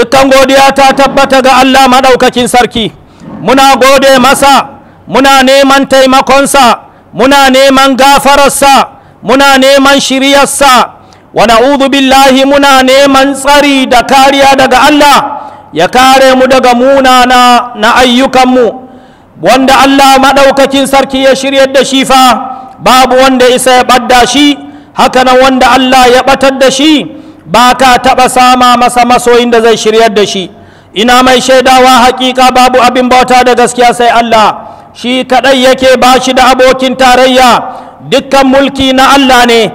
dukkan godiya ta tabbata ga Allah maɗaukakin sarki muna gode masa muna neman taimakonsa muna neman gafararsa muna neman shiryarsa wa na'udhu billahi muna neman tsari da kariya daga Allah ya kare mu daga munana na ayyukanmu wanda Allah maɗaukakin sarki ya shiryar da shi fa babu wanda isa ya ɓadda shi hakanan wanda Allah ya ɓatar da shi ba ka taɓa sama masa masoyin da zai shiryar da shi ina mai shaidawa haƙiƙa babu abin bauta da gaskiya sai Allah shi kaɗai yake ba shi da abokin tarayya dukkan mulki na Allah ne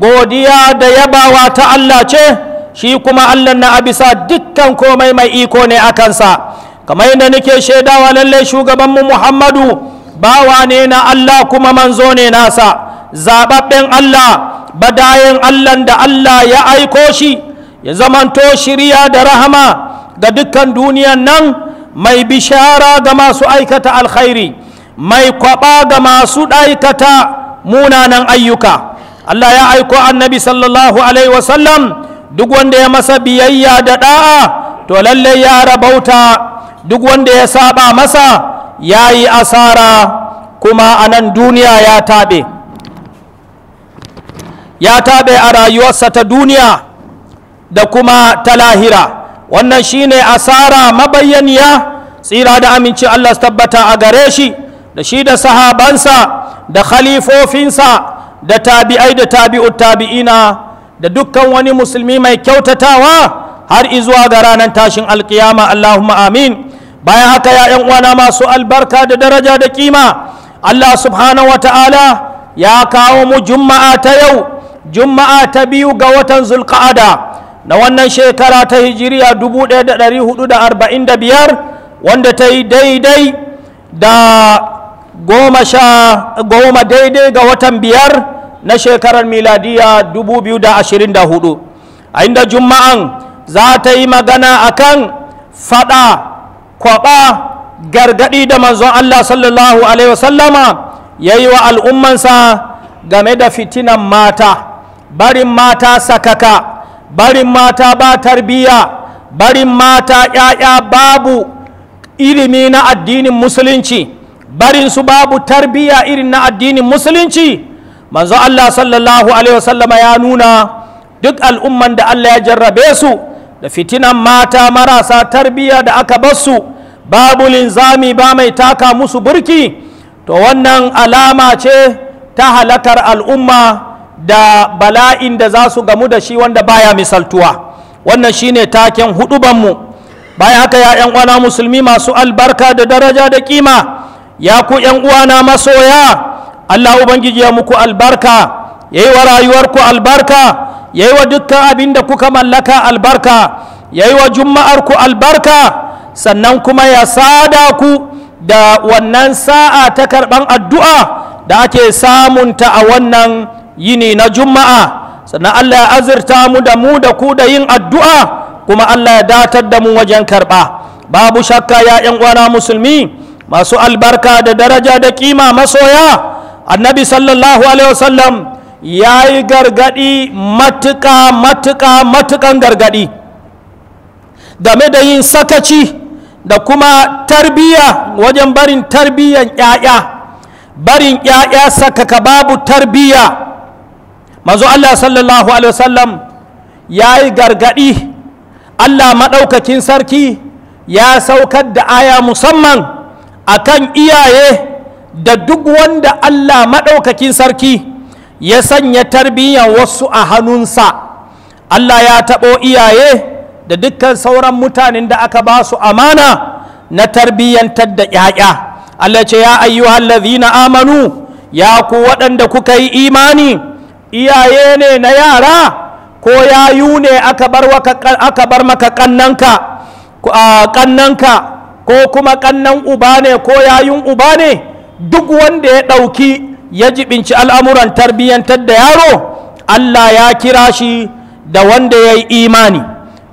godiya da yabawa ta Allah ce shi kuma Allah na abisa dukkan komai mai iko ne a kansa kamar yadda nake shaidawa lallai shugabanmu Muhammadu bawa ne na Allah kuma manzo ne nasa zababben Allah badayin Allah da Allah ya aiko shi ya zamanto shirya da rahama ga dukkan duniyan nan mai bishara ga masu aikata alkhairi mai kwaba ga masu aikata munanan ayyuka Allah ya aiko annabi sallallahu alaihi wasallam duk wanda ya masa biyayya da ɗa'a to lallai ya rabauta duk wanda ya saba masa ya yi asara kuma a nan duniya ya taɓe ya taɓe a rayuwarsa ta duniya da kuma ta lahira wannan shine asara mabayyaniya tsira da aminci Allah su tabbata a gare shi da shi da sahabansa da khalifofinsa da tabi'ai da tabi'ut tabi'ina da dukkan wani musulmi mai kyautatawa har izuwa ga ranar tashin alkiyama Allahumma amin bayan haka ya yan uwana masu albarka da daraja da kima Allah subhanahu wata'ala ya kawo mu juma'a ta yau juma'a ta biyu ga watan zulqa'ada na wannan shekara ta hijiriya 1445 wanda ta yi daidai da goma sha goma daidai ga watan biyar na shekarar miladiya 2024 a inda juma'an za ta yi magana akan fada kwaɓa gargaɗi da manzon Allah sallallahu alaihi wasallama ya yi wa al'ummansa game da fitinan mata barin mata sakaka barin mata ba tarbiyya barin mata ‘ya'ya babu ilimi na addinin musulunci barin su babu tarbiyya irin na addinin musulunci manzo Allah sallallahu alaihi wasallama ya nuna duk al'umman da Allah ya jarrabe su da fitinan mata marasa tarbiyya da aka basu babu linzami ba mai taka musu burki to wannan alama ce ta halakar al'umma da bala'in da za su gamu da shi wanda baya misaltuwa wannan shine taken hudubanmu bayan haka ya yan uwana musulmi masu albarka da daraja da kima ya ku yan uwana masoya Allah ubangiji ya muku albarka Ya yi wa rayuwarku albarka ya yi wa dukkan abin da kuka mallaka albarka ya yi wa ku albarka sannan kuma ya sada ku da wannan sa'a ta karɓar addu'a da ake samunta a wannan yini na juma'a sannan allah ya azurta mu da mu da ku da yin addu'a kuma allah ya datar da mu wajen karɓa babu shakka ya 'yan uwana musulmi masu albarka da daraja da kima masoya annabi sallallahu alaihi wasallam ya yi gargaɗi matuƙa matuƙa matuƙan gargaɗi game da yin sakaci da kuma tarbiyya wajen barin tarbiyyan ƴaƴa barin ƴaƴa sakaka babu tarbiyya mazu Allah sallallahu alaihi wasallam ya yi gargaɗi Allah maɗaukakin sarki ya saukar da aya musamman akan iyaye da duk wanda Allah maɗaukakin sarki ya sanya tarbiyyar wasu a hannunsa Allah ya taɓo iyaye da dukkan sauran mutanen da aka ba su amana na tarbiyyantar da ‘ya'ya Allah ce ya na amanu ya ku waɗanda kuka yi imani iyaye ne na yara ko yayu ne aka bar maka ƙannanka ko kuma ƙannan uba ne ko yayun uba ne duk wanda ya ɗauki ya jibinci al'amuran tarbiyyantar da yaro Allah ya kira shi da wanda ya yi imani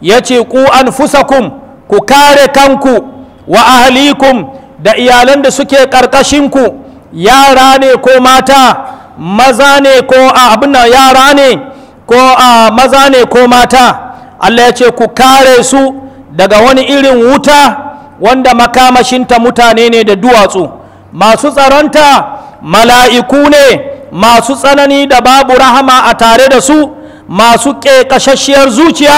ya ce ku an fusakum ku kare kanku wa ahalikum da iyalan da suke ƙarƙashinku yara ne ko mata maza ne ko abin yara ne ko a maza ne ko mata Allah ya ce ku kare su daga wani irin wuta wanda makamashinta mutane ne da duwatsu masu tsaronta mala'iku ne masu tsanani da babu rahama a tare da su masu ƙeƙashashiyar zuciya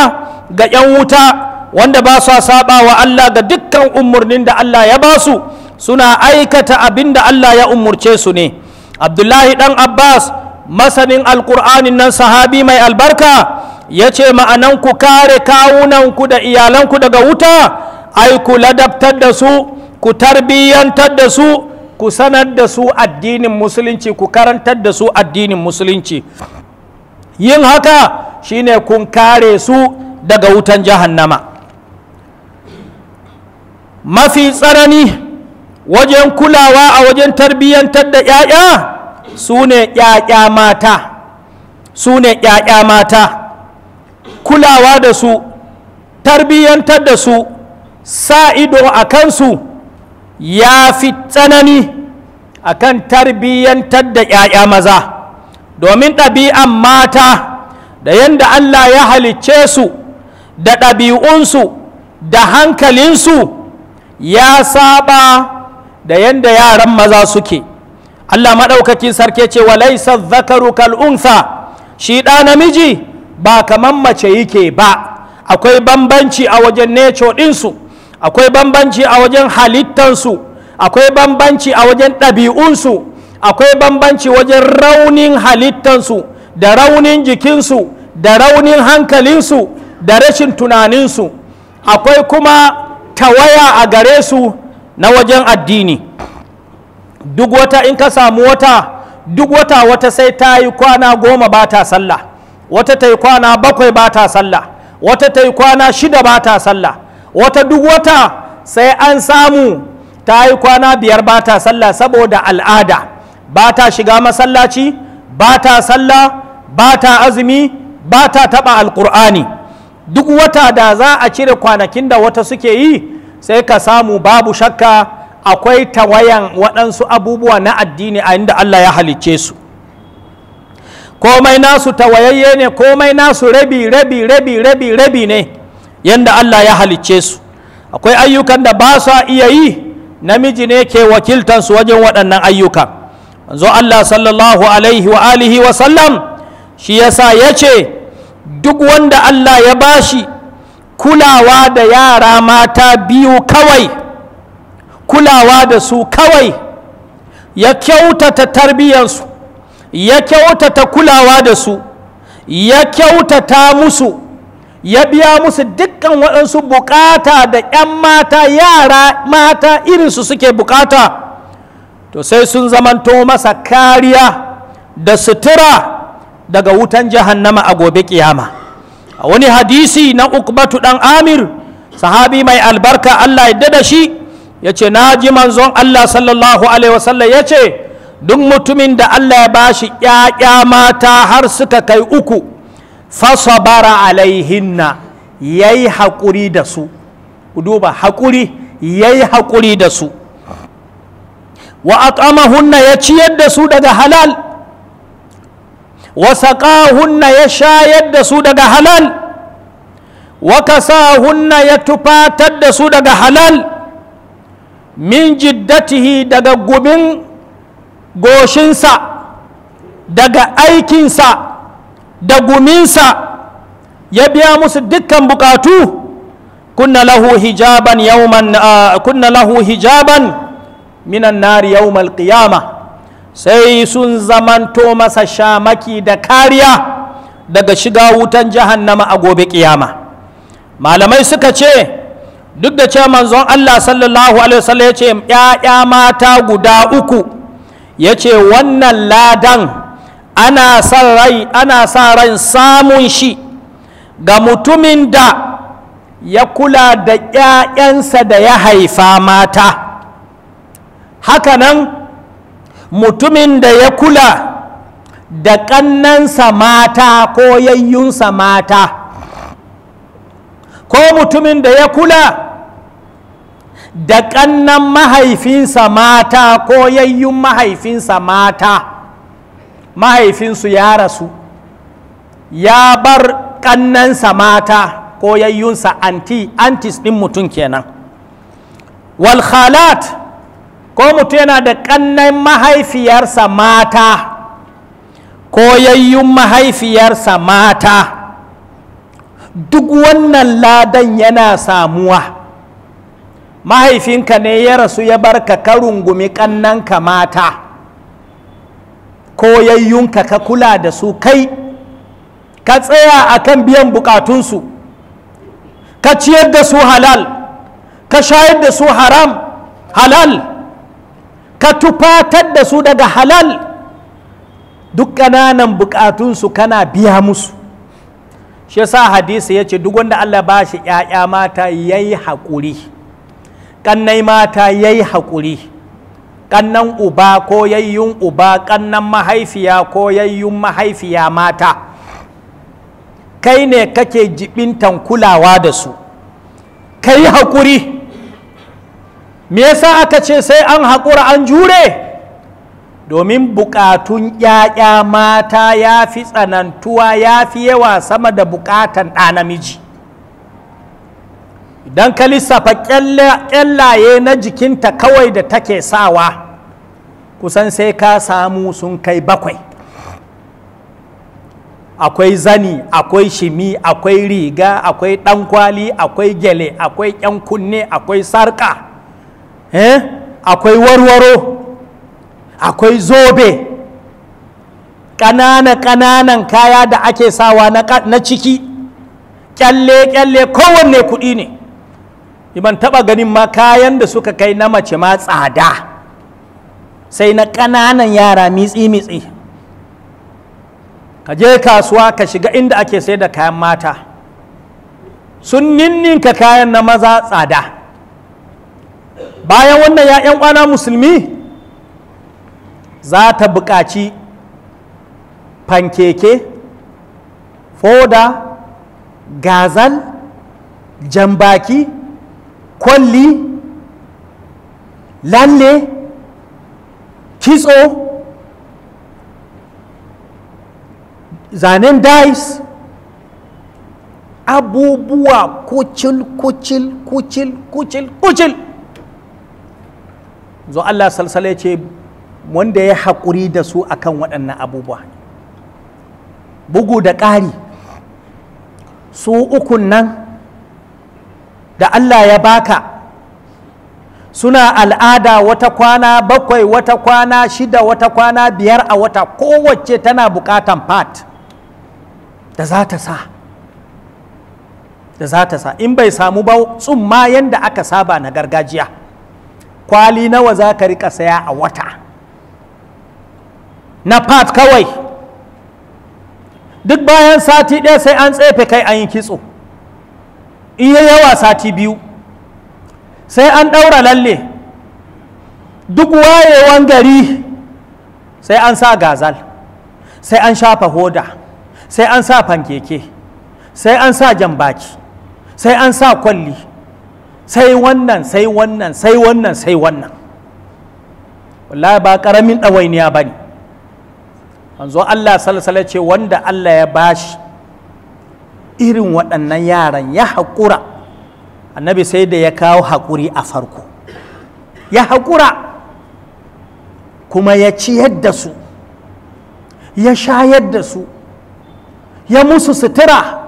ga 'yan wuta wanda ba su saba wa Allah ga dukkan umarnin da Allah ya ba su suna aikata abin da Allah ya umurce su ne abdullahi dan abbas masanin alkur'anin nan sahabi mai albarka ya ce ma'anan ku kare kawunanku da iyalanku daga wuta ai ku ladabtar da su ku tarbiyyantar da su ku sanar da su addinin musulunci ku karantar da su addinin musulunci yin haka shine kun kare su daga wutan jahannama mafi tsanani wajen kulawa a wajen tarbiyyantar da 'ya'ya su ne 'ya'ya mata su ne 'ya'ya mata kulawa da su tarbiyyantar da su sa ido a kansu ya fi tsanani a kan tarbiyyantar da 'ya'ya maza domin ɗabi'an mata da yadda Allah ya halicce su da ɗabi'unsu da hankalinsu ya saba da yadda yaran maza suke Allah maɗaukakin sarki ce wa laisa zakaru kal'unsa shi ɗa namiji ba kaman mace yake ba akwai bambanci a wajen neco ɗinsu akwai bambanci a wajen halittansu akwai bambanci a wajen ɗabi'unsu akwai bambanci wajen raunin halittansu da raunin jikinsu da raunin hankalinsu da rashin tunaninsu akwai kuma tawaya a gare su na wajen addini duk wata in ka samu wata duk wata wata sai ta yi kwana goma ba ta sallah wata ta yi kwana bakwai ba ta sallah wata ta yi kwana shida ba ta sallah wata duk wata sai an samu ta yi kwana biyar ba ta sallah saboda al'ada ba ta shiga masallaci ba ta sallah ba ta azumi ba ta taɓa alƙur'ani duk wata da za a cire kwanakin da wata suke yi sai ka samu babu shakka akwai tawayan waɗansu abubuwa na addini a inda Allah ya halicce su komai nasu tawayayye ne komai nasu rabi rabi rabi rabi rabi ne yanda Allah ya halicce su akwai ayyukan da ba sa iya yi namiji ne ke wakiltansu wajen waɗannan ayyuka manzo Allah sallallahu alaihi wa alihi wa sallam shi yasa ya ce duk wanda Allah ya bashi kulawa da yara mata biyu kawai kulawa da su kawai ya kyautata tarbiyyansu ya kyautata kulawa da su ya kyautata musu ya biya musu akan waɗansu bukata da 'yan mata yara mata irinsu suke bukata to sai sun zamanto masa kariya da sutura daga wutan jahannama a gobe kiyama a wani hadisi na ukbatu dan amir sahabi mai albarka allah ya da shi ya ce na ji manzon allah sallallahu alaihi wasallam ya ce duk mutumin da allah ya bashi ƴaƴa mata har suka kai uku fasabara alaihinna ya yi haƙuri da su duba haƙuri ya yi haƙuri da su wa hunna ya ciyar da su daga halal wa hunna ya shayar da su daga halal wa hunna ya tufatar da su daga halal min jiddatihi daga gumin goshinsa daga aikinsa da guminsa ya biya musu dukkan bukatu kunna lahu hijaban yawman kunna lahu hijaban minan nari yawmal qiyama sai sun zamanto masa shamaki da kariya daga shiga wutan jahannama a gobe kiyama malamai suka ce duk da ce manzon Allah sallallahu alaihi wasallam ya ce ‘ya'ya mata guda uku yace wannan ladan ana sa rai ana sa ran samun shi ga mutumin da ya kula da ‘ya'yansa da ya haifa mata hakanan mutumin da ya kula da ƙannansa mata ko yayyunsa mata ko mutumin da ya kula da ƙannan mahaifinsa mata ko yayyun mahaifinsa mata mahaifinsu ya rasu ya bar Kannansa mata ko yayyunsa anti antis ɗin mutum kenan wal khalat ko mutum yana da ƙannan mahaifiyarsa mata ko yayyun mahaifiyarsa mata duk wannan ladan yana samuwa mahaifinka ne ya rasu ya barka ka rungumi ƙannanka mata ko yayyunka ka kula da su kai ka tsaya a kan biyan bukatunsu ka ciyar da su halal ka shayar da su haram halal ka tufatar da su daga halal duk ƙananan bukatunsu kana biya musu shi yasa hadisi ya ce duk wanda Allah ba shi ‘ya'ya mata ya yi haƙuri ƙannai mata ya yi haƙuri ƙannan uba ko yayyun uba ƙannan mahaifiya ko yayyun mahaifiya mata kai ne kake jibintan kulawa da su kai haƙuri me yasa aka ce sai an haƙura an jure domin bukatun ‘ya'ya mata ya fi tsanantuwa ya fi yawa sama da bukatan ɗa namiji idan ka lissafa ƙyallaye na jikinta kawai da take sawa kusan sai ka samu sun kai bakwai akwai zani akwai shimi akwai riga akwai ɗankwali akwai gele, akwai ƴan kunne akwai sarƙa eh? akwai warwaro akwai zobe ƙanana-ƙananan kaya da ake sawa na ciki kyalle-kyalle kowanne kuɗi ne ban taɓa ganin ma kayan da suka kai na mace ma tsada sai na ƙananan yara mitsi-mitsi ka je kasuwa ka shiga inda ake sai da kayan mata sun ninninka kayan na maza tsada bayan wannan ya'yan kwana musulmi za ta buƙaci fankeke foda gazal jambaki kwalli lalle kitso zanen dice abubuwa kucil kucil kucil kucil kucil zo Allah salsala ce wanda ya haƙuri da su akan waɗannan abubuwa bugu da ƙari su ukun nan da Allah ya baka suna al'ada wata kwana bakwai wata kwana shida wata kwana biyar a wata kowace tana bukatan fat da za ta sa da za ta sa in bai samu ba tsumma yadda aka saba na gargajiya kwali nawa za ka rika saya a wata na part kawai duk bayan sati ɗaya sai an tsefe kai an yi kitso iya yawa sati biyu sai an ɗaura lalle duk wayewan gari sai an sa gazal sai an shafa hoda sai an sa fankeke sai an sa jambaki sai an sa kwalli sai wannan sai wannan sai wannan sai wannan wallahi ba ƙaramin ɗawainiya ba ne zo Allah salsala ce wanda Allah ya bashi irin waɗannan yaran ya haƙura annabi sai da ya kawo haƙuri a farko ya haƙura kuma ya ciyar da su ya shayar da su ya musu sutura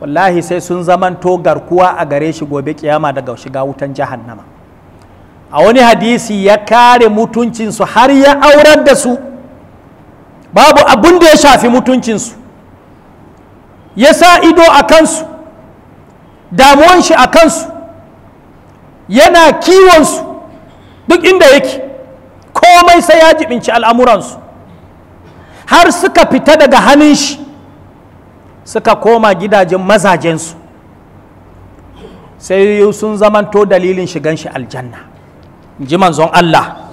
wallahi sai sun zamanto garkuwa a gare shi gobe kiyama daga shiga wutan jahannama a wani hadisi ya kare mutuncinsu har ya aurar da su babu abun da ya shafi mutuncinsu ya sa ido a kansu damuwan shi a kansu yana kiwonsu duk inda yake komai sai ya jibinci al'amuransu har suka fita daga hannun shi suka koma gidajen mazajensu sai sun zamanto dalilin shigan shi aljanna ji manzon Allah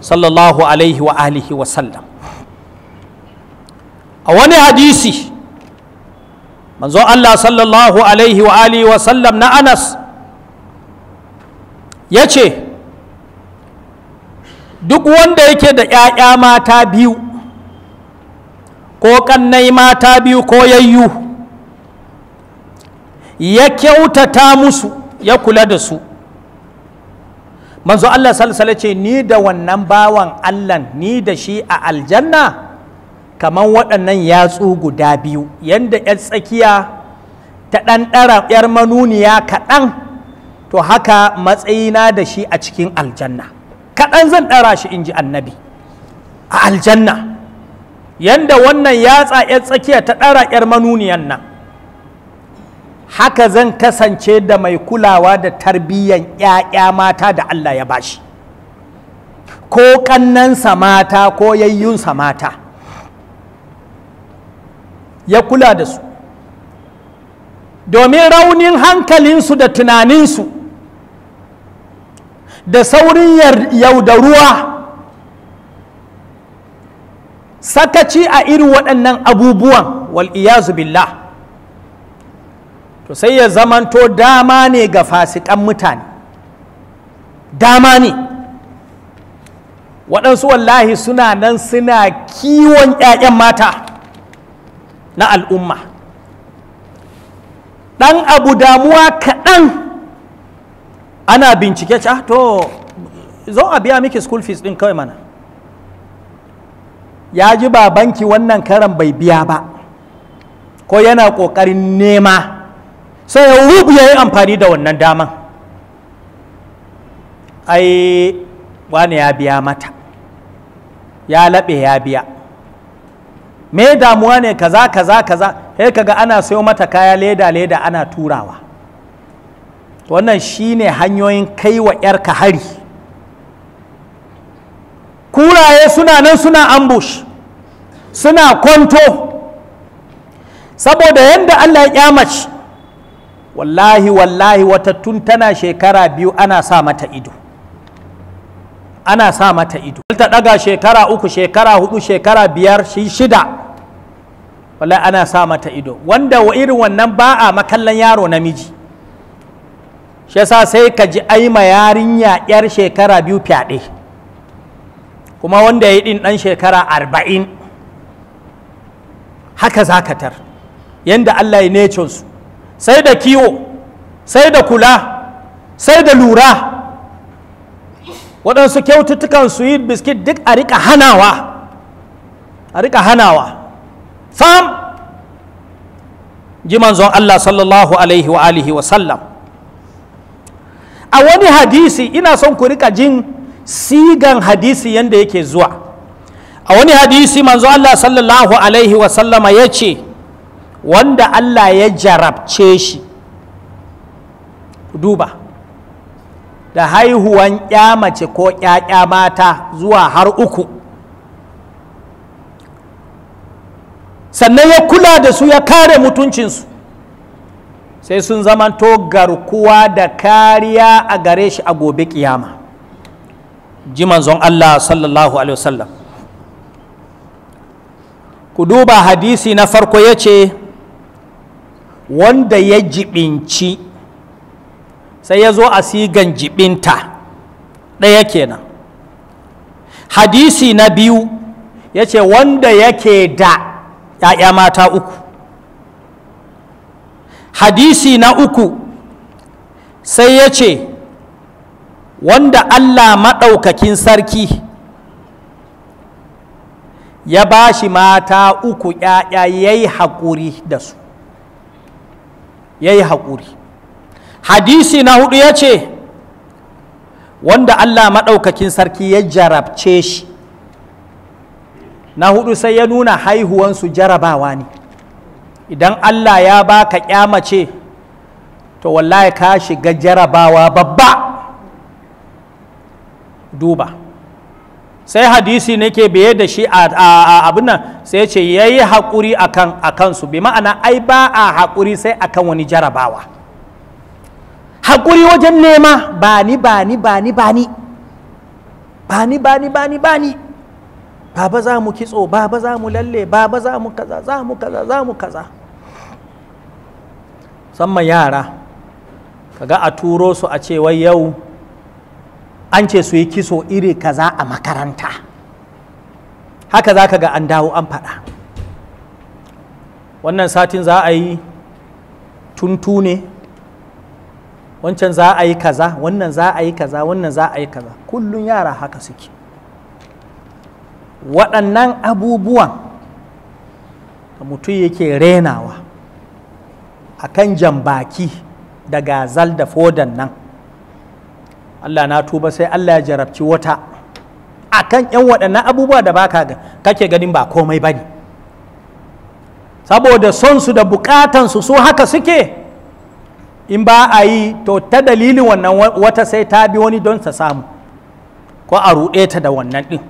sallallahu alaihi wa alihi wa sallam a wani hadisi manzon Allah sallallahu alaihi wa alihi wa sallam na Anas ya ce duk wanda yake da ‘ya'ya mata biyu ko kannai mata biyu ko yayyu ya kyautata musu ya kula da su manzo Allah salsala ce ni da wannan bawan Allah ni da shi a aljanna kamar waɗannan yatsu guda biyu yadda 'yar tsakiya ta ɗan ɗara 'yar manuniya kaɗan to haka matsayina da shi a cikin aljanna kaɗan zan ɗara shi in ji annabi a aljanna yanda wannan yatsa yar tsakiya ta ɗara yar manuniyan nan haka zan kasance da mai kulawa da tarbiyyan ‘ya'ya mata da Allah ya bashi ko ƙannansa mata ko yayyunsa mata ya kula da su domin raunin hankalinsu da tunaninsu da saurin yaudaruwa sakaci a irin waɗannan abubuwan wal billah to sai ya zamanto dama ne ga fasikan mutane dama ne waɗansu wallahi suna nan suna kiwon 'ya'yan mata na al'umma ɗan abu damuwa kaɗan ana bincike ca ah, to zo a biya miki school fees ɗin kawai mana ya ji babanki wannan karan bai biya ba ko yana ƙoƙarin nema sai ya rubu ya yi amfani da wannan daman ai wani ya biya mata ya laɓe ya biya me damuwa ne kaza kaza kaza sai kaga ana sayo mata kaya leda leda ana turawa wannan shine hanyoyin kai wa 'yarka hari kuraye suna nan suna ambush suna kwanto saboda yadda Allah ya kyamaci wallahi wallahi tun tana shekara biyu ana sa mata ido ana sa mata ido ta daga shekara uku shekara hudu shekara biyar shi shida wallahi ana sa mata ido wanda wa irin wannan ba a makallan yaro namiji shi yasa sai ka ji aima yarinya yar shekara biyu fyaɗe kuma wanda ya yi ɗin ɗan shekara arba'in haka zakatar yadda Allah ya necinsu sai da kiwo sai da kula sai da lura waɗansu kyaututtukan su yi biskit duk a rika hanawa a rika hanawa fam ji manzon Allah sallallahu alaihi wa alihi wa sallam a wani hadisi ina son ku rika jin sigan hadisi yanda yake zuwa a wani hadisi manzo Allah sallallahu alaihi wasallama ya ce wanda Allah ya jarabce shi duba da haihuwan ya mace ko ƴaƴa mata zuwa har uku sannan ya kula da su ya kare mutuncinsu sai sun zamanto garkuwa da kariya a gare shi a gobe kiyama ji manzon Allah sallallahu alaihi wasallam ku duba hadisi na farko ya ce wanda ya jibinci sai ya zo a sigan jibinta ɗaya kenan hadisi na biyu ya ce wanda yake da ‘ya'ya mata uku hadisi na uku sai ya ce wanda Allah maɗaukakin sarki ya ba shi mata uku ‘ya'ya ya yi haƙuri da su ya yi haƙuri hadisi na hudu ya ce wanda Allah maɗaukakin sarki ya jarabce shi na hudu sai ya nuna haihuwansu jarabawa ne idan Allah ya baka ƙyamace to wallahi ka shiga jarabawa babba duba sai hadisi nake biye da shi a abin nan sai ce ya yi haƙuri a kansu bi ma'ana ai ba a haƙuri sai akan wani jarabawa haƙuri wajen nema ba ni ba ni ba ni ba ni ba ni ba ni ba ni ba ni baba za mu kitso baba za mu lalle baba za mu kaza za mu kaza za mu kaza Samman yara kaga a turo su a ce wai yau an ce su yi kiso iri kaza a makaranta haka za ka ga an dawo an faɗa wannan satin za a yi tuntu ne wancan za a yi kaza wannan za a yi kaza wannan za a yi kaza kullum yara haka suke waɗannan abubuwan da mutum yake renawa a kan jambaki da gazal da fodan nan Allah na tuba sai Allah ya jarabci wata A kan yan waɗannan abubuwa da baka kake ganin ba komai ba ne. saboda son su da bukatan su so haka suke in ba a yi to ta dalilin wannan wata sai ta bi wani don ta samu ko a ruɗe ta da wannan ɗin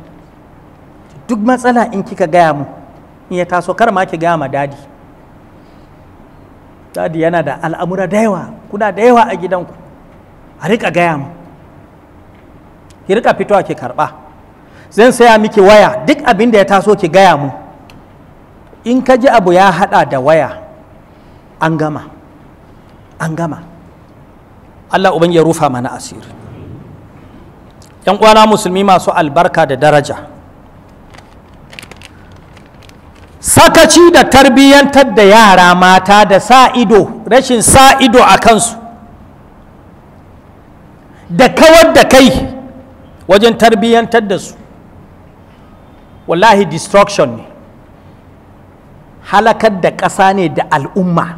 duk matsala in kika gaya mu in ya taso kar ma ki gaya ma dadi dadi yana da al'amura da yawa kuna da yawa a gidanku a riƙa gaya mu ki rika fitowa ki karba zan saya miki waya duk abin da ya taso ki gaya mu in ka ji abu ya hada da waya an gama an gama Allah uban ya rufa mana asiri yan uwana musulmi masu albarka da daraja sakaci da tarbiyyantar da yara mata da sa ido rashin sa ido a kansu da kawar da kai wajen tarbiyyantar da su wallahi destruction ne halakar da ƙasa ne da al'umma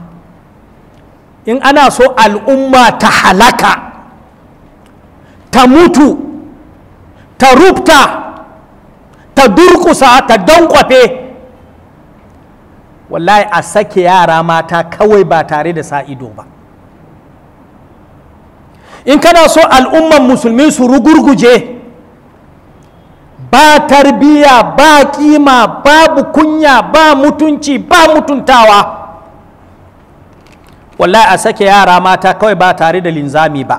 in ana so al'umma ta halaka ta mutu ta rubta ta durkusa ta dankwafe wallahi a sake yara mata kawai ba tare da sa'ido ba in kana so al'umman musulmi su rugurguje ba tarbiya ba kima babu kunya ba mutunci ba mutuntawa wallahi a sake yara mata kawai ba tare da linzami ba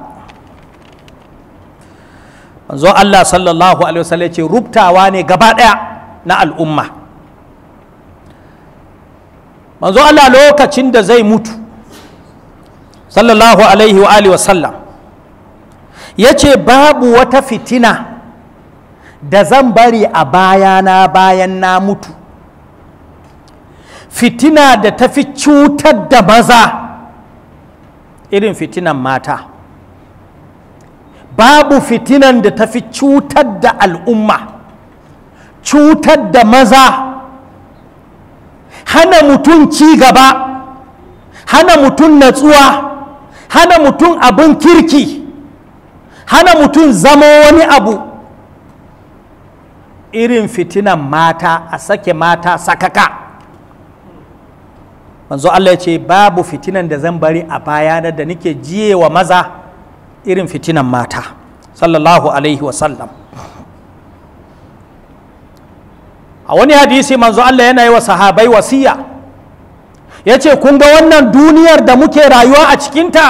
manzo Allah sallallahu alaihi wasallam ce rubtawa ne gaba daya na al'umma manzo Allah lokacin da zai mutu sallallahu alaihi wa alihi wasallam ya ce babu wata fitina da zan bari a bayana bayan na mutu fitina da ta fi cutar da maza irin fitinan mata babu fitinan da ta fi cutar da al'umma cutar da maza hana mutum ci gaba hana mutum natsuwa hana mutum abin kirki hana mutum zama wani abu irin fitinan mata a sake mata sakaka manzo Allah ya ce babu fitinan da zan bari a na da nike jiye wa maza irin fitinan mata sallallahu alaihi wasallam a wani hadisi manzo Allah yana yi wa sahabai wasiya ya ce kun ga wannan duniyar da muke rayuwa a cikinta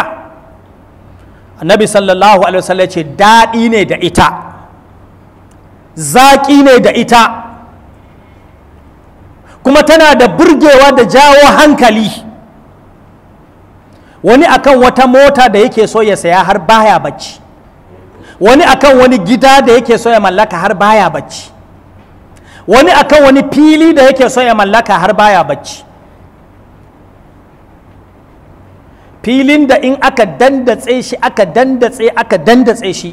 annabi sallallahu alaihi wasallam ya ce daɗi ne da ita zaƙi ne da ita kuma tana da burgewa da jawo hankali wani akan wata mota da yake so ya saya har baya bacci wani akan wani gida da yake so ya mallaka har baya bacci wani akan wani fili da yake so ya mallaka har baya bacci filin da in aka dandatse shi aka dandatse aka dandatse shi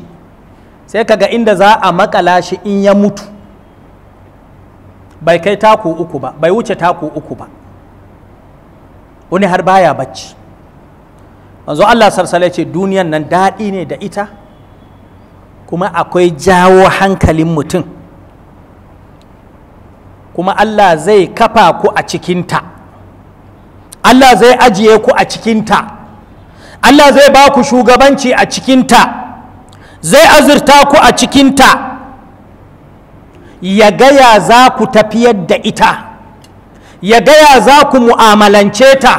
sai kaga inda za a makala shi in ya mutu bai kai taku uku ba bai wuce taku uku ba wani har baya bacci manzo Allah sarsale ce duniyan nan daɗi ne da ita kuma akwai jawo hankalin mutum kuma Allah zai kafa ku a cikinta Allah zai ajiye ku a cikinta Allah zai ba ku shugabanci a cikinta zai azurta ku a cikinta ya gaya za ku tafiyar da ita ya gaya za ku mu'amalance ta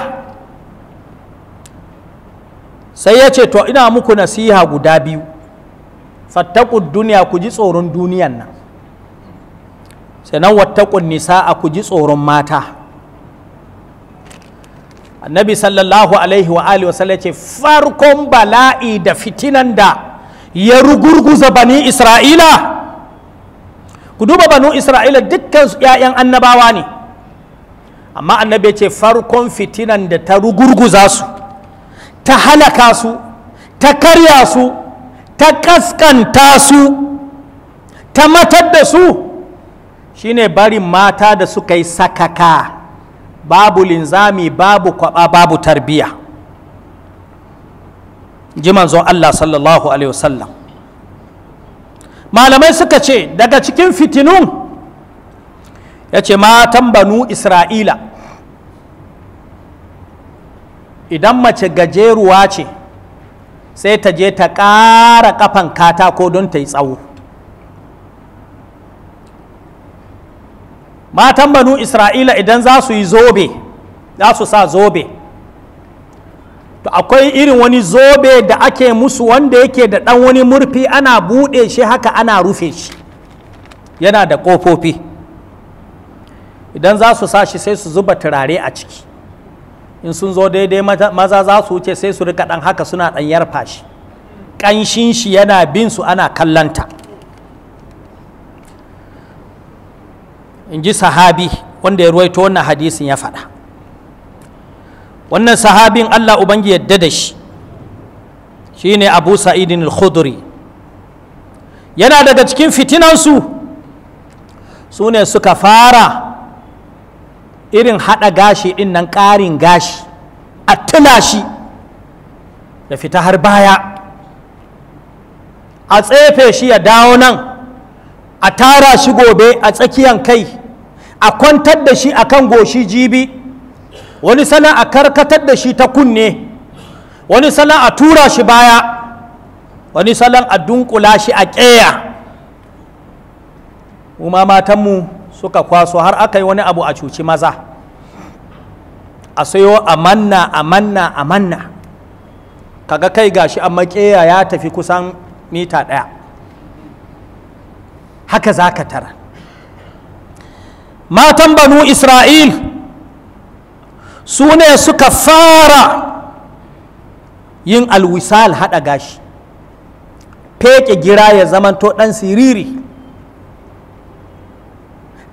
sai ya ce to ina muku nasiha guda biyu fattakun duniya ku ji tsoron duniyan nan sai nan wattakun nisa a ku ji tsoron mata annabi sallallahu alaihi wa alihi wasallam ce farkon bala'i da fitinan da ya rugurguza bani isra'ila ku duba bani isra'ila dukkan 'ya'yan annabawa ne amma annabi ce farkon fitinan da ta rugurguza su ta halaka su ta karya su ta kaskanta su ta matar da su shine barin mata da suka yi sakaka babu linzami babu kwaba babu tarbiyya ji manzon Allah sallallahu alaihi wasallam malamai suka ce daga cikin fitinun ya ce matan banu isra'ila idan mace gajeruwa ce sai ta je ta ƙara ƙafan katako don ta yi tsawo matan banu isra'ila idan za su yi zobe za su sa zobe to akwai irin wani zobe da ake musu wanda yake da ɗan wani murfi ana buɗe shi haka ana rufe shi yana da ƙofofi idan za su sashi sai su zuba turare a ciki in sun zo daidai maza za su wuce sai su rika ɗan haka suna ɗan yarfa shi ƙanshin shi yana bin su ana kallanta in ji sahabi wanda ya ruwaito wannan hadisin ya faɗa wannan sahabin Allah ubangi yadda da shi shine Abu Sa'idin al-Khudri yana daga cikin fitinansu su ne suka fara irin haɗa gashi ɗin nan ƙarin gashi a tuna shi ya fita har baya a tsefe shi ya dawo nan a tara shi gobe a tsakiyan kai a kwantar da shi akan goshi jibi wani sana'a a karkatar da shi ta kunne wani sana'a a tura shi baya wani sana'a a dunkula shi a ƙeya kuma matanmu suka kwaso har aka yi wani abu a cuci maza a sayo amanna amanna amanna kaga kai gashi amma ƙeya ya tafi kusan mita ɗaya haka za ka tara matan banu isra'il su ne suka fara yin alwisal haɗa gashi feke gira ya zamanto ɗan siriri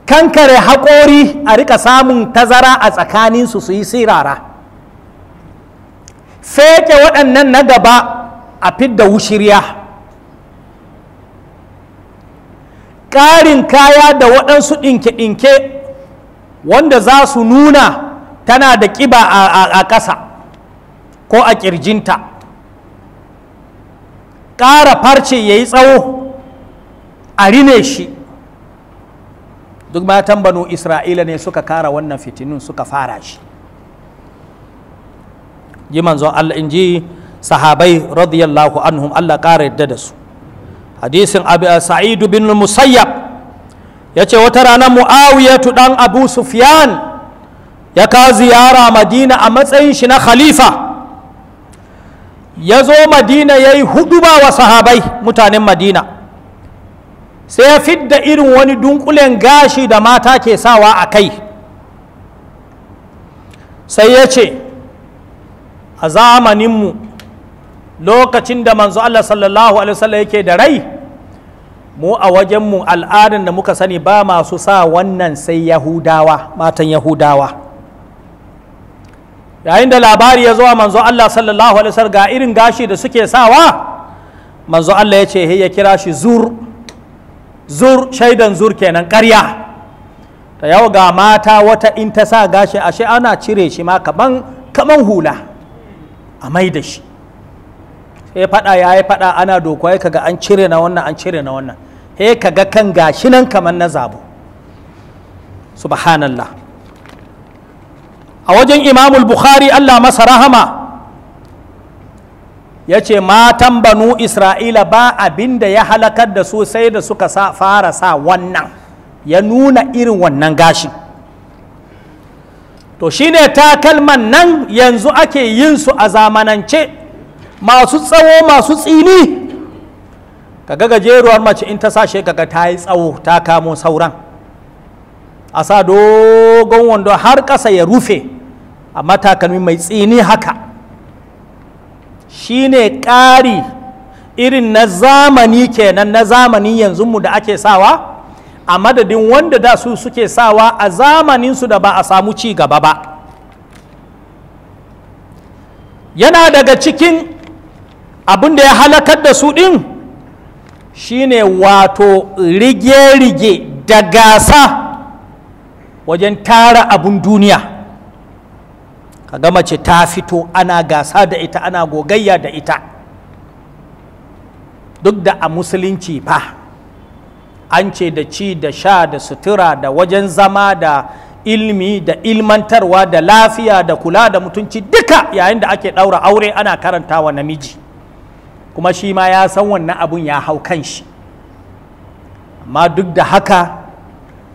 kankare haƙori a rika samun tazara a tsakaninsu su yi sirara feke waɗannan na gaba a fidda wushirya ƙarin kaya da waɗansu ɗinke-ɗinke wanda za su nuna tana da ƙiba a ƙasa ko a ƙirjinta ƙara farce ya yi tsawo a rine shi duk matan banu isra'ila ne suka kara wannan fitinin suka fara shi yi manzo Allah in ji sahabai radiyallahu anhum Allah ƙara yadda da su hadisin abu sa'idu bin musayyab ya ce wata rana mu'awiyatu dan abu sufyan ya kawo ziyara madina a matsayin shi na khalifa ya zo madina ya yi ba wa sahabai mutanen madina sai ya fidda irin wani dunkulen gashi da mata ke sawa a kai sai ya ce a zamaninmu lokacin da manzo Allah sallallahu alaihi wasallam yake da rai mu a wajenmu al'adar da muka sani ba masu sa wannan sai yahudawa matan yahudawa yayin da labari ya zo a manzo Allah sallallahu alaihi wasallam ga irin gashi da suke sawa manzo Allah ya ce ya kira shi zur zur shaidan zur kenan ƙarya ta yau ga mata wata in ta sa gashi ashe ana cire shi ma kaman kaman hula a mai da shi sai fada ya yi fada ana dokwai kaga an cire na wannan an cire na wannan he kaga kan gashi nan kaman na zabo subhanallah a wajen imamul bukhari allah masa rahama ya ce matan banu isra'ila ba abin ya halakar da su sai da suka fara sa wannan ya nuna irin wannan gashin to shine takalman nan yanzu ake yin su a zamanance masu tsawo masu tsini kaga gajeruwar mace in ta sashe kaga ta yi tsawo ta kamo sauran a sa dogon wando har ƙasa ya rufe a matakalmi mai tsini haka shine ƙari irin na zamani kenan na zamani yanzu mu da ake sawa a madadin wanda da su suke sawa a zamaninsu da ba a samu ci gaba ba yana daga cikin abin da ya halakar da su ɗin shine wato rige-rige da gasa wajen tara abun duniya gama ce ta fito ana gasa da ita ana gogayya da ita duk da a musulunci fa an ce da ci da sha da sutura da wajen zama da ilmi da ilmantarwa da lafiya da kula da mutunci duka yayin da ake ɗaura aure ana karantawa namiji kuma shi ma ya san wannan abun ya hau kan shi amma duk da haka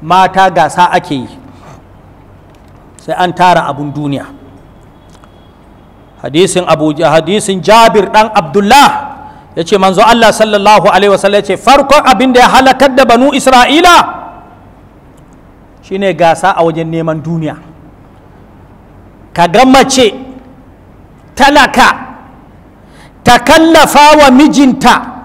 mata gasa ake yi sai an tara abun duniya hadisin abu hadisin jabir dan abdullah ya ce manzo Allah sallallahu alaihi wasallam ya ce farkon abin da ya halakar da banu isra'ila shine gasa a wajen neman duniya ka ga mace talaka ta kallafa wa mijinta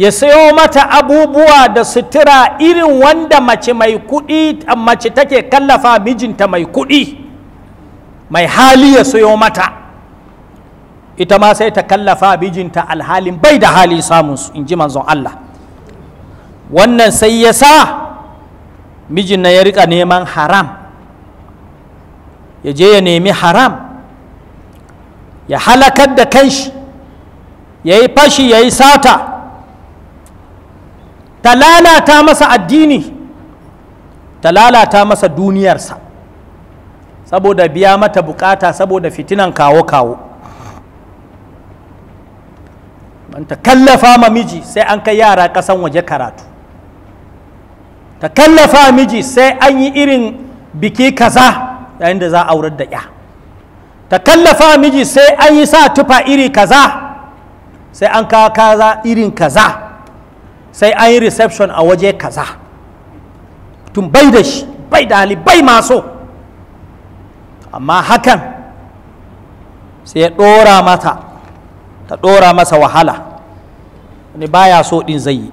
ya sayo mata abubuwa da sutura irin wanda mace mai kuɗi mace take kallafa mijinta mai kuɗi mai hali ya sayo mata ita ma sai ta kallafa mijinta alhalin bai da hali samun su in ji manzon Allah wannan sai ya sa mijin na ya rika neman haram ya je ya nemi haram ya halakar da kanshi ya yi fashi ya yi sata ta lalata masa addini ta lalata masa duniyarsa saboda biya mata bukata saboda fitinan kawo-kawo ta kallafa ma miji sai an kai yara kasan waje karatu ta kallafa miji sai an yi irin biki kaza yayin da za a aurar da ya ta kallafa miji sai an yi sa tufa iri kaza sai an kawo kaza irin kaza sai an yi reception a waje kaza tun bai da shi bai da hali bai maso amma hakan sai ya ɗora mata ta ɗora masa wahala wani baya so ɗin zai yi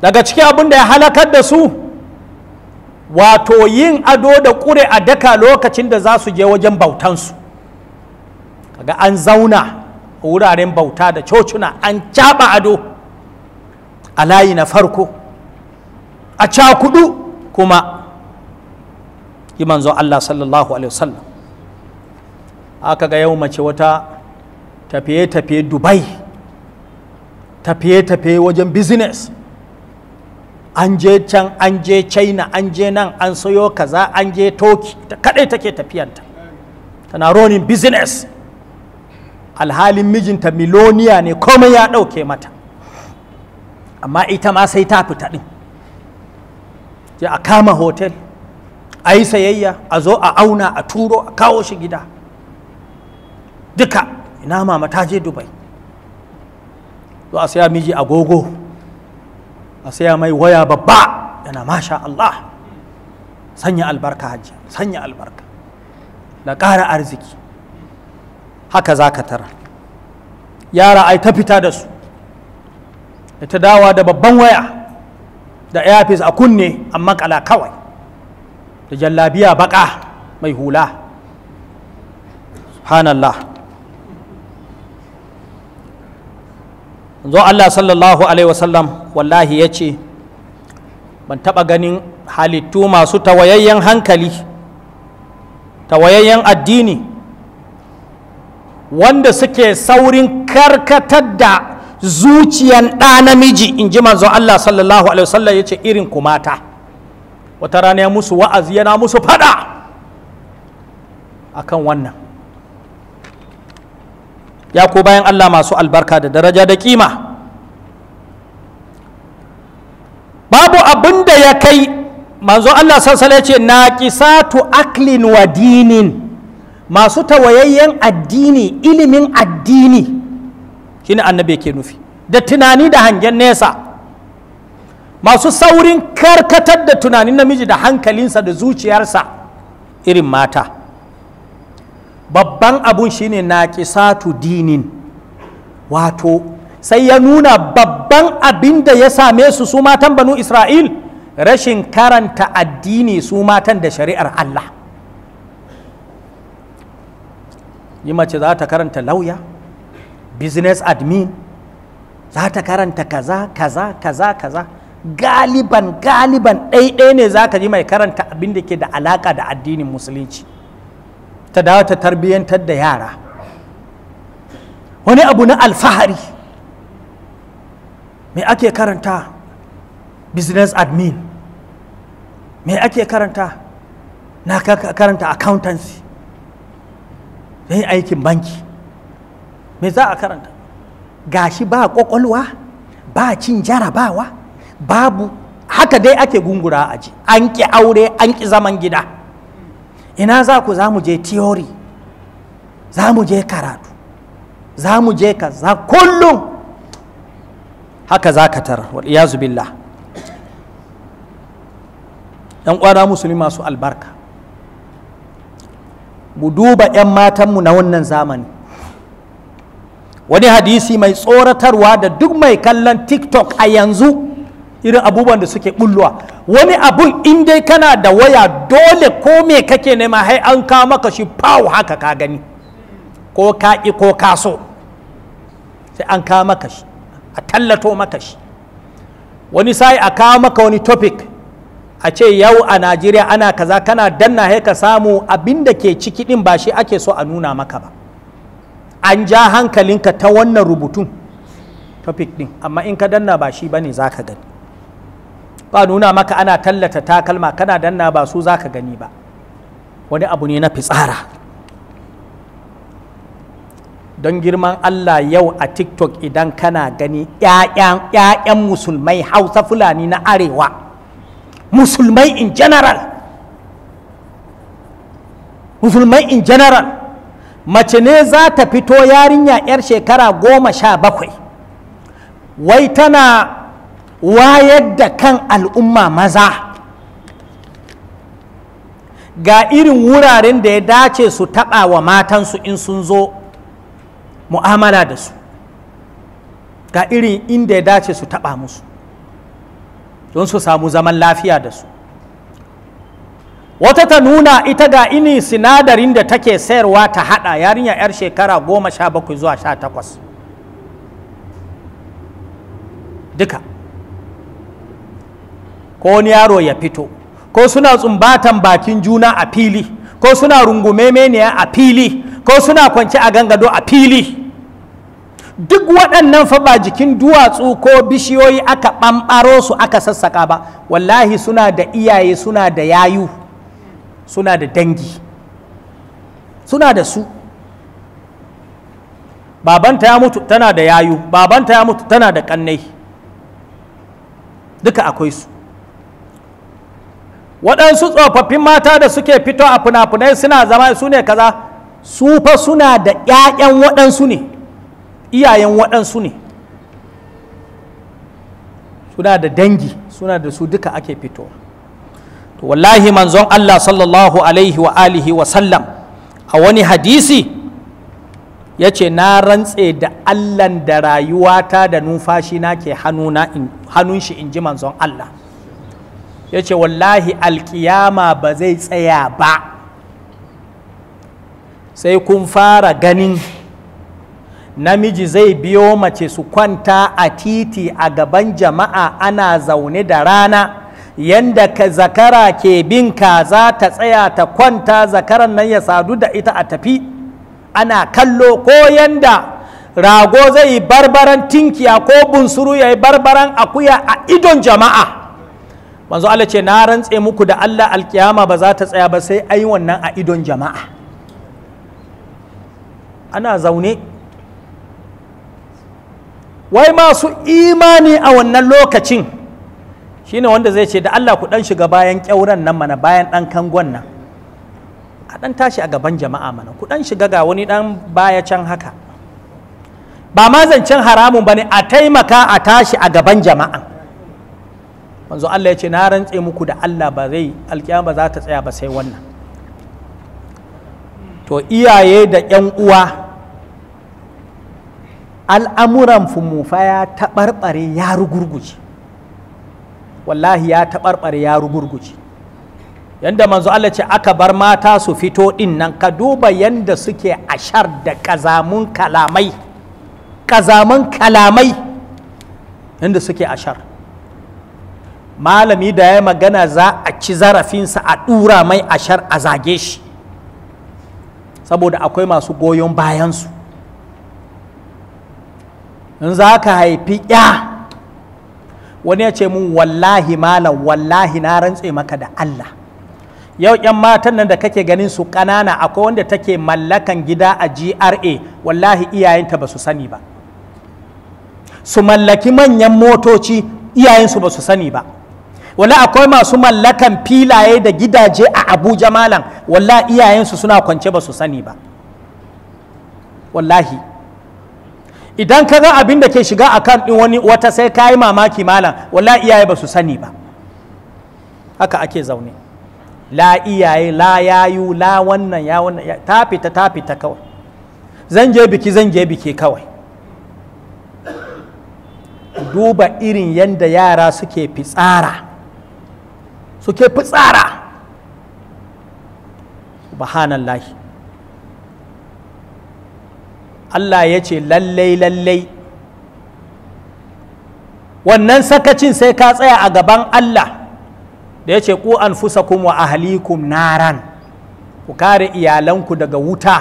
daga cikin abin da ya halakar da su wato yin ado da ƙure a daka lokacin da za su je wajen bautansu kaga an zauna A wuraren bauta da cocuna an caɓa ado a layi na farko a cakudu kuma yi manzo Allah sallallahu alaihi wasallam aka ga yau mace wata tafiye-tafiye dubai tafiye-tafiye wajen business an je can an je china an je nan an sayo kaza an je toki kadai take tafiyanta tana ronin business alhalin mijinta miloniya ne komai ya ɗauke mata amma ita ma sai ta fita ɗin ya a kama hotel a yi sayayya a zo a auna a turo a kawo shi gida duka ina mama ta je dubai zo a saya miji agogo a saya mai waya babba yana masha Allah sanya albarka hajji sanya albarka da ƙara arziki haka za ka tara yara ai ta fita da su ta dawa da babban waya da airfis a kunne a kala kawai da jallabiya baka mai hula subhanallah zo Allah sallallahu alaihi wasallam wallahi ya ce ban taɓa ganin halittu masu tawayayyen hankali tawayayyen addini wanda suke saurin karkatar da zuciyan ɗa namiji in ji manzon Allah sallallahu alaihi wasallam yace irin kumata wata rana ya musu wa'azi yana musu fada akan wannan ya ko bayan Allah masu albarka da daraja da kima babu abin da ya kai manzo Allah sallallahu alaihi wasallam na naqisatu aklin wa dinin masu tawayayyen addini ilimin addini shine annabi ke nufi da tunani da hangen nesa masu saurin karkatar da tunanin namiji da hankalinsa da zuciyarsa irin mata babban abun shine kisatu dinin wato sai ya nuna babban abin da ya same su su matan banu isra'il rashin karanta addini su matan da shari'ar allah yi mace za ta karanta lauya business admin za ta karanta kaza kaza kaza kaza galiban galiban ɗaiɗai ne za ka ji mai karanta abin da ke da alaƙa da addinin musulunci ta dawo ta tarbiyyantar da yara wani abu na alfahari me ake karanta business admin me ake karanta na karanta accountancy zai aikin banki me za a karanta gashi ba kwakwalwa ba cin jarabawa babu haka dai ake gungura a ji an ki aure an ki zaman gida ina za ku za mu je theory za mu je karatu za mu je kaza kullum haka za ka tara wal billah ɗan kwana musulmi masu albarka mu duba 'yan matanmu na wannan zamani wani hadisi mai tsoratarwa da duk mai kallon tiktok a yanzu irin abubuwan da suke bulluwa wani abun in dai kana da waya dole ko me kake nema hai an kawo maka shi fawo haka ka gani ko ka ƙi ko ka so sai an kawo maka shi a tallato maka shi wani sai a kawo maka wani topic a ce yau a najeriya ana kaza kana danna ka samu abin da ke ciki din ba shi ake so a nuna maka ba an ja hankalinka ta wannan rubutun topic din amma in ka danna ba shi bane zaka gani ba nuna maka ana tallata takalma kana danna ba su zaka gani ba wani abu ne na fitsara don girman Allah yau a tiktok idan kana gani 'ya'yan musulmai hausa fulani na arewa musulmai in general musulmai in general mace ne za ta fito yarinya 'yar shekara goma sha bakwai wai tana wayar da kan al'umma maza ga irin wuraren da ya dace su taɓa wa matansu in sun zo mu'amala da su ga irin inda ya dace su taɓa musu don su samu zaman lafiya da su wata ta nuna ita ga ini sinadarin da take sayarwa ta hada yarinya yar shekara goma sha bakwai zuwa sha takwas duka ko wani yaro ya fito ko suna tsumbatan bakin juna a fili ko suna rungume meniya a fili ko suna kwance a gangado a fili duk waɗannan fa ba jikin duwatsu ko bishiyoyi aka ɓamɓaro su aka sassaka ba wallahi suna da iyaye suna da yayu suna da dangi suna da su babanta ya mutu tana da yayu babanta ya mutu tana da ƙannai. duka akwai su waɗansu tsofaffin mata da suke fito a fina-finai suna zama su ne kaza su fa suna da 'ya'yan waɗansu ne iyayen waɗansu ne suna da dangi suna da su duka ake fitowa to wallahi manzon Allah sallallahu alaihi wa alihi wa sallam a wani hadisi ya ce na rantse da allan da rayuwata da numfashi na ke hannun shi in ji manzon Allah ya ce wallahi alkiyama ba zai tsaya ba sai kun fara ganin namiji zai biyo mace su kwanta a titi a gaban jama'a ana zaune da rana yanda ka zakara ke bin kaza ta tsaya ta kwanta zakaran nan ya sadu da ita a tafi ana kallo ko yanda rago zai yi barbaran tinkiya ko bunsuru ya yi barbaran akuya a idon jama'a manzo Allah ce na rantse muku da Allah alkiyama ba za ta tsaya ba sai ai wannan a idon jama'a ana zaune wai masu imani a wannan lokacin shine wanda zai ce da Allah ku dan shiga bayan kyauran nan mana bayan dan kangon nan a dan tashi a gaban jama'a mana ku dan shiga ga wani dan baya can haka ba ma zancen haramun bane a taimaka a tashi a gaban jama'a manzo Allah ya ce na rantse muku da Allah ba zai alkiyama za ta tsaya ba sai wannan to iyaye da yan uwa al'amuran fa ya taɓarɓare ya rugurguje wallahi ya taɓarɓare ya rugurguje yadda manzo Allah ce aka bar mata su fito ɗin nan ka duba yadda suke ashar da ƙazamun kalamai ƙazamun kalamai yadda suke ashar malami da ya magana za a ci zarafinsa a ɗura mai ashar a zage shi saboda akwai masu goyon bayansu in za ka haifi ya wani ya ce mun wallahi malam wallahi na rantse maka da Allah yau yan matan nan da kake ganin su ƙanana akwai wanda take mallakan gida a GRA wallahi iyayenta ba su sani ba su mallaki manyan motoci iyayensu ba su sani ba wala akwai masu mallakan filaye da gidaje a abuja malam walla iyayensu suna kwance ba su sani ba wallahi idan ka ga abin da ke shiga akan ɗin wani wata sai ka yi mamaki malam wala iyaye ba su sani ba haka ake zaune la iyaye la yayu la wannan ya wannan ta fita ta fita kawai zan je biki zan je biki kawai duba irin yadda yara suke fitsara suke fitsara subhanallahi Allah ya ce lallai lallai wannan sakacin sai ka tsaya a gaban Allah da ya ce ku fusa wa ahlikum naran ku kare iyalanku daga wuta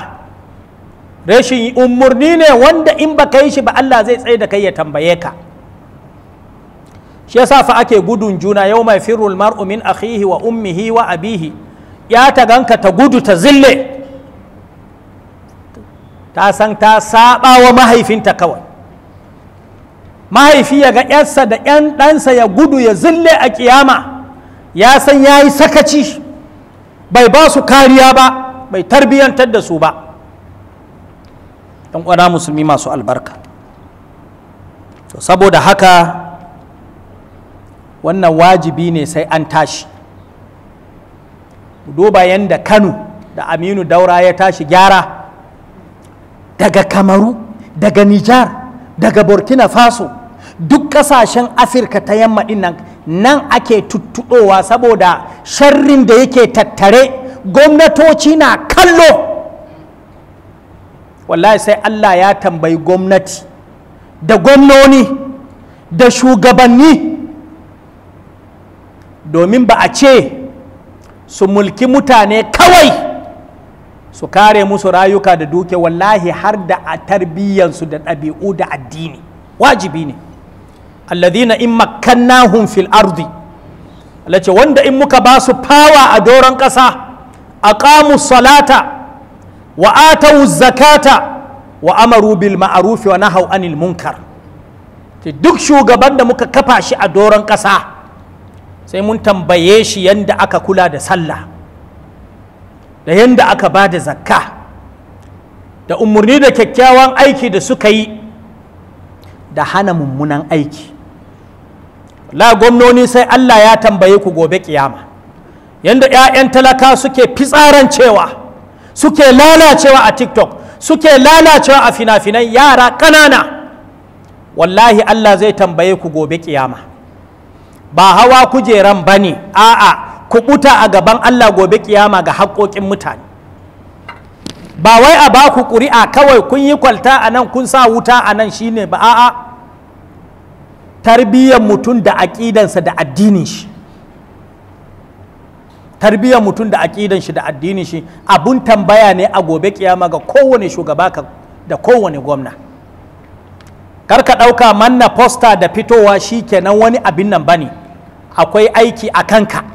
rashin umurni ne wanda in ba yi shi ba Allah zai tsaye da kai ya tambaye ka shi yasa fa ake gudun juna yau mai firul mar'u min akhihi wa ummihi wa abihi ya ta ganka ta gudu ta zille ta san ta saba wa mahaifinta kawai mahaifi ya ga yarsa da yan ɗansa ya gudu ya zille a kiyama ya san ya yi sakaci bai ba su kariya ba bai tarbiyyantar da su ba ɗan ƙwana musulmi masu albarka to saboda haka wannan wajibi ne sai an tashi duba yadda kano da aminu daura ya tashi gyara daga kamaru daga nijar daga burkina faso duk kasashen afirka ta yamma dinnan nan ake tuttuɗowa saboda sharrin da yake tattare gwamnatoci na kallo wallahi sai allah ya tambayi gwamnati da gwamnoni da shugabanni domin ba a ce su mulki mutane kawai su kare musu rayuka da duke wallahi har da a tarbiyyansu da ɗabi'u da addini wajibi ne alladhina in makkannahum fil ardi ce wanda in muka ba su fawa a doron ƙasa aqamu salata wa atawu zakata wa amaru bil ma'ruf wa nahaw anil munkar duk shugaban da muka kafa shi a doron ƙasa sai mun tambaye shi yanda aka kula da sallah da yanda aka ba da zakka da umarni da kyakkyawan aiki da suka yi da hana mummunan aiki la gwamnoni sai Allah ya tambaye ku gobe kiyama yanda 'ya'yan talaka suke cewa suke lalacewa a tiktok suke lalacewa a fina-finan yara ƙanana wallahi Allah zai tambaye ku gobe kiyama ba hawa kujeran bane a'a kubuta a gaban Allah gobe kiyama ga haƙoƙin mutane ba wai a baku ƙuri'a kawai kun yi kwalta a nan kun sa wuta a nan shine ba a'a tarbiyyar mutum da aƙidansa da addinin shi tarbiyyar mutum da aƙidan da addinin shi abun tambaya ne a gobe kiyama ga kowane shugaba da kowane gwamna kar ka ɗauka manna fosta da fitowa shi kenan wani abin nan bane akwai aiki a kanka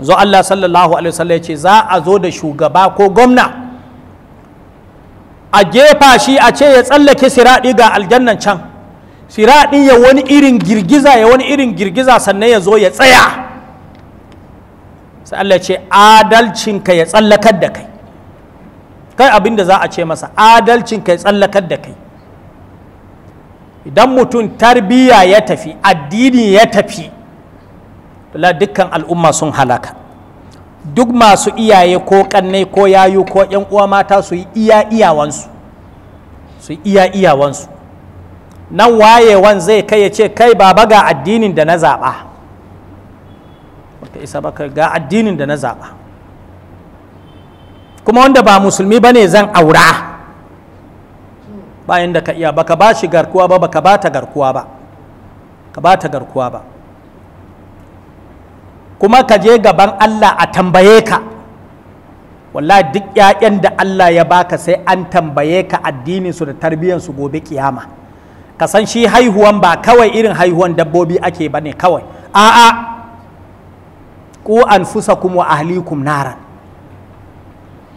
zo Allah sallallahu alaihi wasallam ce za a zo da shugaba ko gwamna a gefa shi a ce ya tsallake siraɗi ga aljannan can siraɗi ya wani irin girgiza ya wani irin girgiza sannan ya zo ya tsaya sai Allah ce adalcinka ya tsallakar da kai kai abin da za a ce masa adalcinka ya tsallakar da kai idan mutum tarbiyya ya tafi addini ya tafi la dukkan al'umma sun halaka duk masu iyaye ko kanne ko yayu ko yan uwa mata su yi iya iyawansu su yi iya iyawansu nan wayewan zai kai ya ce kai baba ga addinin da na zaɓa isa baka ga addinin da na zaɓa kuma wanda ba musulmi ba ne zan aura bayan da ka iya baka ba shi garkuwa ba baka ba ta garkuwa ba ka ba ta garkuwa ba kuma ka je gaban Allah a tambaye ka wallahi duk ya'yan da Allah ya baka sai an tambaye ka addinin su da tarbiyyar gobe kiyama ka san shi haihuwan ba kawai irin haihuwan dabbobi ake ne kawai a'a ku anfusakum wa ahlikum naran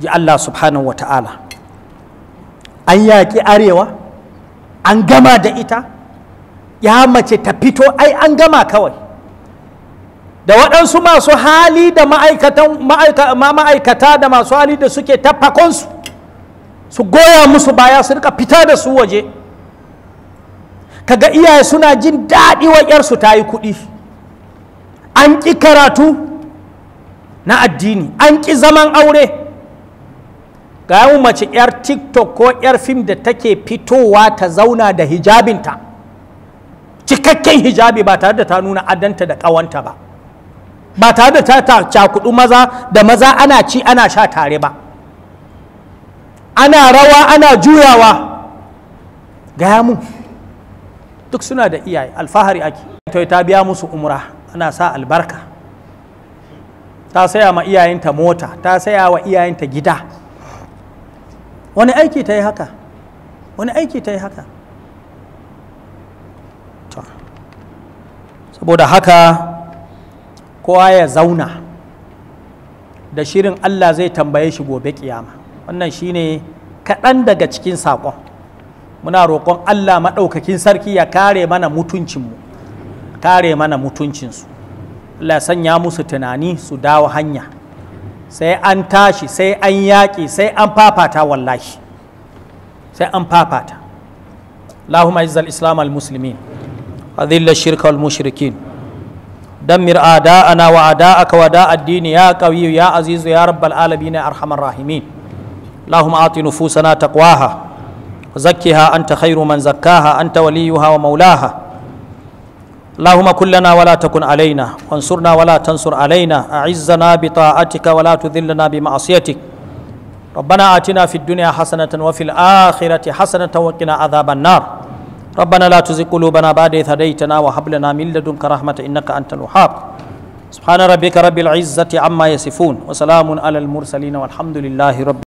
ji Allah subhanahu wa ta'ala an yaki arewa an gama da ita ya mace ta fito ai an gama kawai da waɗansu masu hali da ma'aikata da masu hali da suke tafakonsu su goya musu baya su rika fita da su waje kaga iyaye suna jin daɗi wa ‘yarsu ta yi kuɗi an ƙi karatu na addini an ƙi zaman aure ga yawon mace ‘yar tiktok ko ‘yar fim da take fitowa ta zauna da hijabinta cikakken hijabi ba tare da ta nuna adanta da ƙawanta ba ba tare da ta cakudu maza da maza ana ci ana sha tare ba ana rawa ana juyawa gaya mu duk suna da iyaye alfahari ake to ta biya musu umra ana sa albarka ta saya ma iyayenta mota ta saya wa iyayenta gida wani aiki ta yi haka wani aiki ta yi haka saboda haka kowa ya zauna da shirin Allah zai tambaye shi gobe kiyama wannan shine kaɗan daga cikin saƙon muna roƙon Allah maɗaukakin sarki ya kare mana mutuncinmu kare mana mutuncinsu Allah sanya musu tunani su dawo hanya sai an tashi sai an yaƙi sai an fafata wallahi sai an fafata Allahumma izzal islam al-muslimin adhilla shirka al-mushrikin دمر آداءنا وأعداءك وداء الدين يا قوي يا عزيز يا رب العالمين يا أرحم الراحمين اللهم أعط نفوسنا تقواها وزكها أنت خير من زكاها أنت وليها ومولاها اللهم كن لنا ولا تكن علينا وانصرنا ولا تنصر علينا أعزنا بطاعتك ولا تذلنا بمعصيتك ربنا آتنا في الدنيا حسنة وفي الآخرة حسنة وقنا عذاب النار ربنا لا تزغ قلوبنا بعد إذ هديتنا وهب لنا من لدنك رحمة إنك أنت الوهاب سبحان ربك رب العزة عما يصفون وسلام على المرسلين والحمد لله رب